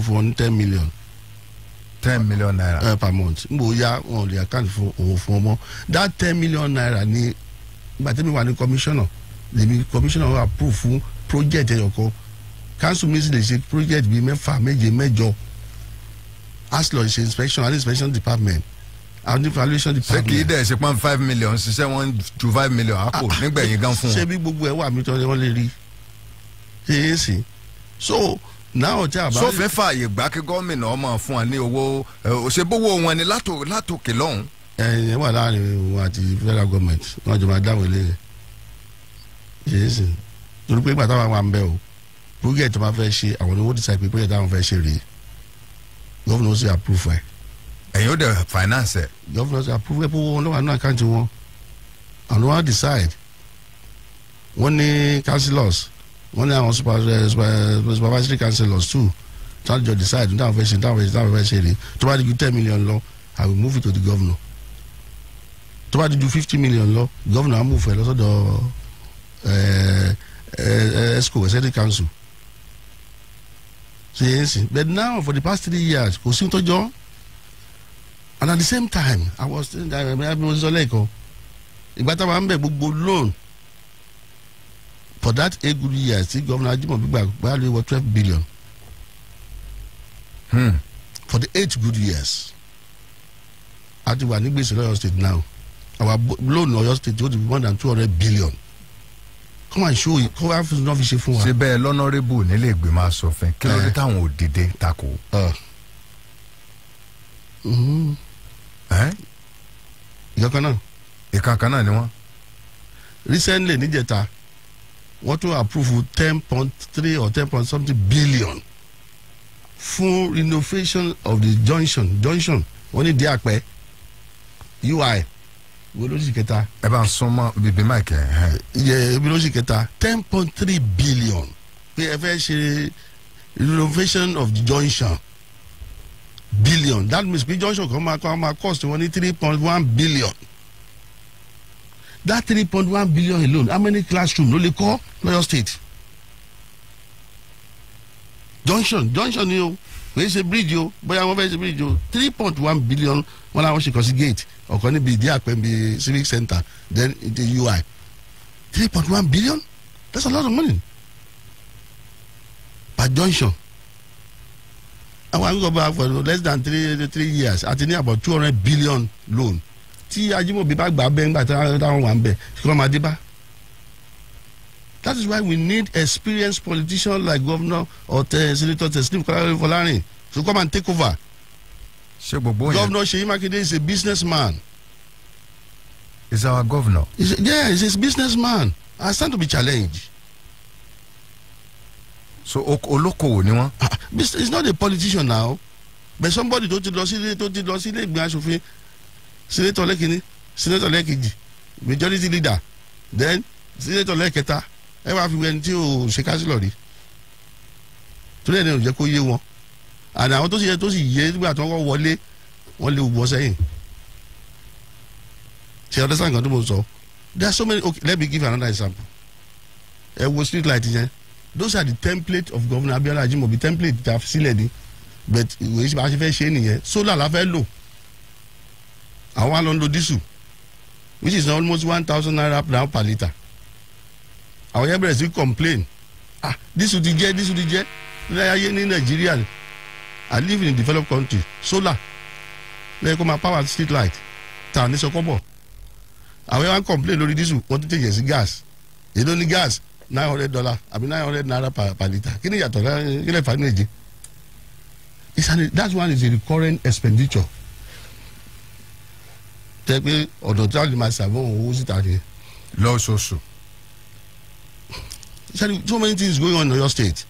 fún ten million. ten million naira. Uh, per month n bò ya wọn ò lè account fún òun fún ọmọ that ten million naira ni gbàtẹ́mi wà ní commissioner lèmi commissioner wà approve fún project ẹ̀yọ̀kọ council mi sì lè ṣe project bíi mẹ́fà méje mẹ́jọ aslọ ṣe inspection and inspection department and evaluation department. ṣé kì í dẹ̀ ṣe pọ́n five million ṣiṣẹ́ wọn ju five million àpò ah, ah, nígbẹ̀yìn gan fún wọn. ṣé bí gbogbo ẹ̀ wà mí tọ́ ni wọ́n lè rí ṣe é sìn so náà ọjà àbáyé. sófin fààyè gbà kí gómìnà ọmọ fún wa ní owó òṣèbówó wọn ni látòkè lọ́hùn. ẹ ẹ wà láàrin wọn àti federal government wọn jọba dáwọ ilé rẹ yìí sì torí pé ìgbà táwọn wà ń bẹ o project tó máa fẹ́ ṣe àwọn ni wọ́n decide pé project táwọn fẹ́ ṣe rèé gómìnà ó sì approve ẹ. ẹ̀yin ó dẹ̀ finance ẹ̀. gómìnà ó sì approve ẹ̀ pé owó wọn ló wà nínú àkáǹtì wọn àwọn wọn decide wọ́n ní councillors wọ́n ní àwọn eh, eh, supervisory councillors too tán jọ decide táwọn fẹ́ ṣe táwọn fẹ́ ṣe táwọn fẹ́ ṣe rè tó bá di ju ten million lọ i will move it to the governor tó bá di ju fifty million lọ governor á move ẹ lọ́sọ̀dọ̀ eh, esco executive council ṣe yẹn sìn but now for the past three years kò sí tọjọ́ and at the same time i was still there ẹ bí mo sọ lẹ́ẹ̀kan ìgbà táwọn à ń bẹ̀ gbogbo loan for that eight good years tí governor Ajimobi Gbagbale over twelve billion hmm. for the eight good years a ti wà ní gbèsè lọ́yọ̀ state now our loan Ọ̀yọ́ state ó more than two hundred billion come and show you wá fún náà fi ṣe fún wa. ṣe bẹ́ẹ̀ lọ́nọ́rẹ́bù nílé ìgbìmọ̀ asòfin kí ló dé eh. táwọn ò dìde takò. Ah. Mm-hmm. Eh? ìkankan náà. ìkankan náà ni wọ́n. recently níjẹta wọ́n tún approve ten point three or ten point something billion fún renovation of the junction junction wọ́n ní díàpẹ́ ui wo kẹta. ẹ bá ń bíbí máìkì ẹ. yẹ kẹta ten point three billion pé ẹ fẹ́ ṣe renovation of the junction billion that means pé junction kan máa kọ́ máa cost wọn ní three point one billion that three point one billion alone how many classroom ló lè kọ́ lọ́yọ̀ state junction junction ni o kò ṣe bíríìjì o bóyá wọ́n fẹ́ ṣe bíríìjì o three point one billion wọn làwọn ṣe kàn sí gate ọ̀kan níbi ìdí àpẹ́ níbi civic center then the ui three point one billion that's a lot of money per junction àwọn àgbẹ̀ ọba for less than three three years àti ní about two hundred billion loan tí Ajímọ̀bí bá gbà bẹ́ẹ̀ nígbà táwọn wà ń bẹ̀ kí wọ́n máa dé bá. That is why we need experienced politicians like Governor or uh, Senator Teslim Folarin to come and take over. ṣe gbogbo yẹn Governor Seyi Makinde is a businessman. Is our governor. He's, yeah, he's a businessman. I stand to be challenged. so olókòwò ni wọn. it's ah, not a politician now but somebody tó ti lọ sílé tó ti lọ sílé ìgbìmọ̀ asòfin senator lẹ́kìnní senator lẹ́kìnjì majority leader then senator lẹ́kẹta ẹ wá fi wẹni tí o ṣe councilor rí torí ẹni ò jẹ́ kó yé wọn àná àwọn tó sì yẹ tó sì yé nígbà tí wọ́n wọlé wọ́n lé wọ́ sẹ́yìn ṣe ọdẹ sáà nǹkan tó mò ń sọ there are so many okay let me give another example ẹ wo street light yẹn those are the template of governor Abiola Ajimobi template ta sílẹ̀ ni but ìwé ìṣèpàṣẹ fẹ́ ṣe é nìyẹn solar la fẹ́ lò àwọn wa lọ ń lo diesel which is almost one thousand naira now per litre àwọn yẹn bẹ̀rẹ̀ sí complain ah diesel ti jẹ́ diesel ti jẹ́ níláyàyé ní nàìjíríà i live in a developed country solar lẹ́yìn kó máa power street light tà ní sọkọ́bọ̀ àwọn yẹn wá ń complain lórí diesel wọ́n ti tẹ̀yẹ̀ sí gas èyí ló ní gas nine hundred dollar àbí nine hundred naira per per litre kí ni ìyàtọ̀ kí lè fà èjì that's one is a recurrent expenditure tẹ́ pé ọ̀dọ̀ tí wọ́n lè máa ṣàbọ̀n owó síta ni. lọ́sọ̀ọ̀sọ̀. sẹ́ni too many things going on in your state